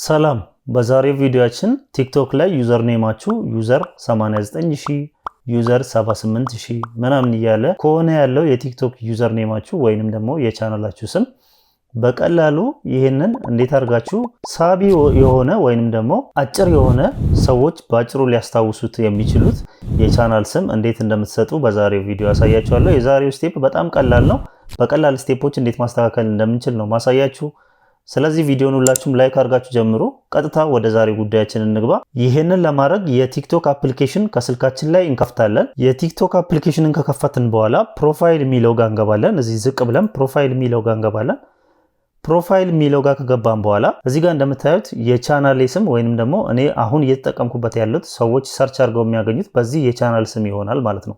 ሰላም በዛሬው ቪዲዮችን ቲክቶክ ላይ ዩዘር ኔማችሁ ዩዘር 89000 ዩዘር 78000 ምናምን እያለ ከሆነ ያለው የቲክቶክ ዩዘር ኔማችሁ ወይንም ደግሞ የቻናላችሁ ስም በቀላሉ ይህንን እንዴት አድርጋችሁ ሳቢ የሆነ ወይንም ደግሞ አጭር የሆነ ሰዎች በአጭሩ ሊያስታውሱት የሚችሉት የቻናል ስም እንዴት እንደምትሰጡ በዛሬው ቪዲዮ ያሳያችኋለሁ። የዛሬው ስቴፕ በጣም ቀላል ነው። በቀላል ስቴፖች እንዴት ማስተካከል እንደምንችል ነው ማሳያችሁ ስለዚህ ቪዲዮን ሁላችሁም ላይክ አድርጋችሁ ጀምሩ። ቀጥታ ወደ ዛሬ ጉዳያችን እንግባ። ይህንን ለማድረግ የቲክቶክ አፕሊኬሽን ከስልካችን ላይ እንከፍታለን። የቲክቶክ አፕሊኬሽንን ከከፈትን በኋላ ፕሮፋይል የሚለው ጋር እንገባለን። እዚህ ዝቅ ብለን ፕሮፋይል የሚለው ጋር እንገባለን። ፕሮፋይል የሚለው ጋር ከገባን በኋላ እዚህ ጋር እንደምታዩት የቻናሌ ስም ወይንም ደግሞ እኔ አሁን እየተጠቀምኩበት ያሉት ሰዎች ሰርች አድርገው የሚያገኙት በዚህ የቻናል ስም ይሆናል ማለት ነው።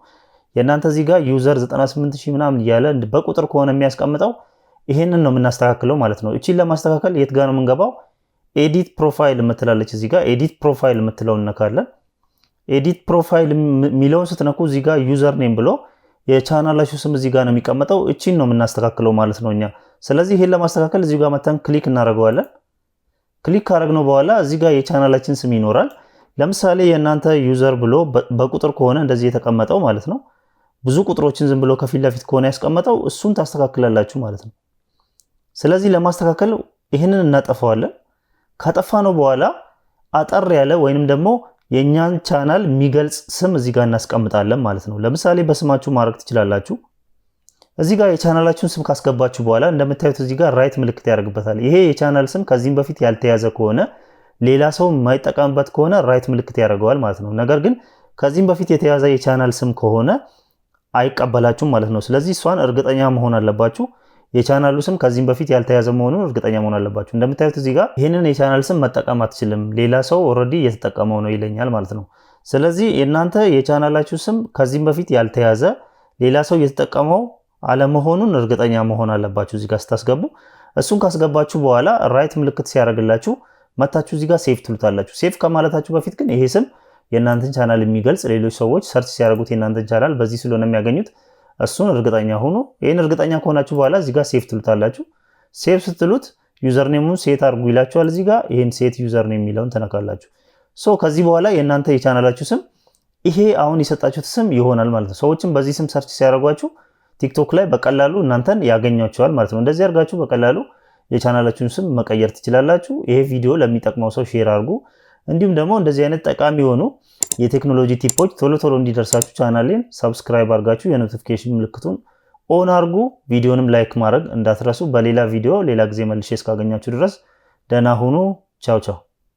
የእናንተ እዚህ ጋር ዩዘር 98 ሺህ ምናምን እያለ በቁጥር ከሆነ የሚያስቀምጠው ይሄንን ነው የምናስተካክለው ማለት ነው። እቺን ለማስተካከል የት ጋር ነው የምንገባው? ኤዲት ፕሮፋይል የምትላለች እዚህ ጋር ኤዲት ፕሮፋይል የምትለው እነካለን። ኤዲት ፕሮፋይል የሚለውን ስትነኩ እዚህ ጋር ዩዘር ኔም ብሎ የቻናላችሁ ስም እዚህ ጋር ነው የሚቀመጠው። እቺን ነው የምናስተካክለው ማለት ነው እኛ። ስለዚህ ይሄን ለማስተካከል እዚህ ጋር መተን ክሊክ እናደርገዋለን። ክሊክ ካደረግነው በኋላ እዚህ ጋር የቻናላችን ስም ይኖራል። ለምሳሌ የእናንተ ዩዘር ብሎ በቁጥር ከሆነ እንደዚህ የተቀመጠው ማለት ነው። ብዙ ቁጥሮችን ዝም ብሎ ከፊት ለፊት ከሆነ ያስቀመጠው እሱን ታስተካክላላችሁ ማለት ነው። ስለዚህ ለማስተካከል ይህንን እናጠፋዋለን። ካጠፋ ነው በኋላ አጠር ያለ ወይንም ደግሞ የእኛን ቻናል የሚገልጽ ስም እዚህ ጋር እናስቀምጣለን ማለት ነው። ለምሳሌ በስማችሁ ማድረግ ትችላላችሁ። እዚህ ጋር የቻናላችሁን ስም ካስገባችሁ በኋላ እንደምታዩት እዚህ ጋር ራይት ምልክት ያደርግበታል። ይሄ የቻናል ስም ከዚህም በፊት ያልተያዘ ከሆነ ሌላ ሰው የማይጠቀምበት ከሆነ ራይት ምልክት ያደርገዋል ማለት ነው። ነገር ግን ከዚህም በፊት የተያዘ የቻናል ስም ከሆነ አይቀበላችሁም ማለት ነው። ስለዚህ እሷን እርግጠኛ መሆን አለባችሁ። የቻናሉ ስም ከዚህም በፊት ያልተያዘ መሆኑን እርግጠኛ መሆን አለባችሁ። እንደምታዩት እዚህ ጋር ይህንን የቻናል ስም መጠቀም አትችልም፣ ሌላ ሰው ኦልሬዲ እየተጠቀመው ነው ይለኛል ማለት ነው። ስለዚህ የእናንተ የቻናላችሁ ስም ከዚህም በፊት ያልተያዘ ሌላ ሰው እየተጠቀመው አለመሆኑን እርግጠኛ መሆን አለባችሁ እዚህ ጋር ስታስገቡ። እሱን ካስገባችሁ በኋላ ራይት ምልክት ሲያደርግላችሁ መታችሁ እዚህ ጋር ሴፍ ትሉታላችሁ። ሴፍ ከማለታችሁ በፊት ግን ይሄ ስም የእናንተን ቻናል የሚገልጽ ሌሎች ሰዎች ሰርች ሲያደርጉት የእናንተን ቻናል በዚህ ስለሆነ የሚያገኙት እሱን እርግጠኛ ሆኖ ይህን እርግጠኛ ከሆናችሁ በኋላ እዚህ ጋር ሴፍ ትሉታላችሁ። ሴፍ ስትሉት ዩዘርኔሙን ሴት አድርጉ ይላችኋል። እዚህ ጋር ይህን ሴት ዩዘርኔም የሚለውን ተነካላችሁ። ሶ ከዚህ በኋላ የእናንተ የቻናላችሁ ስም ይሄ አሁን የሰጣችሁት ስም ይሆናል ማለት ነው። ሰዎችም በዚህ ስም ሰርች ሲያደርጓችሁ ቲክቶክ ላይ በቀላሉ እናንተን ያገኛቸዋል ማለት ነው። እንደዚህ አድርጋችሁ በቀላሉ የቻናላችሁን ስም መቀየር ትችላላችሁ። ይሄ ቪዲዮ ለሚጠቅመው ሰው ሼር አድርጉ። እንዲሁም ደግሞ እንደዚህ አይነት ጠቃሚ የሆኑ የቴክኖሎጂ ቲፖች ቶሎ ቶሎ እንዲደርሳችሁ ቻናሌን ሰብስክራይብ አድርጋችሁ የኖቲፊኬሽን ምልክቱን ኦን አድርጉ። ቪዲዮንም ላይክ ማድረግ እንዳትረሱ። በሌላ ቪዲዮ ሌላ ጊዜ መልሼ እስካገኛችሁ ድረስ ደህና ሁኑ። ቻው ቻው።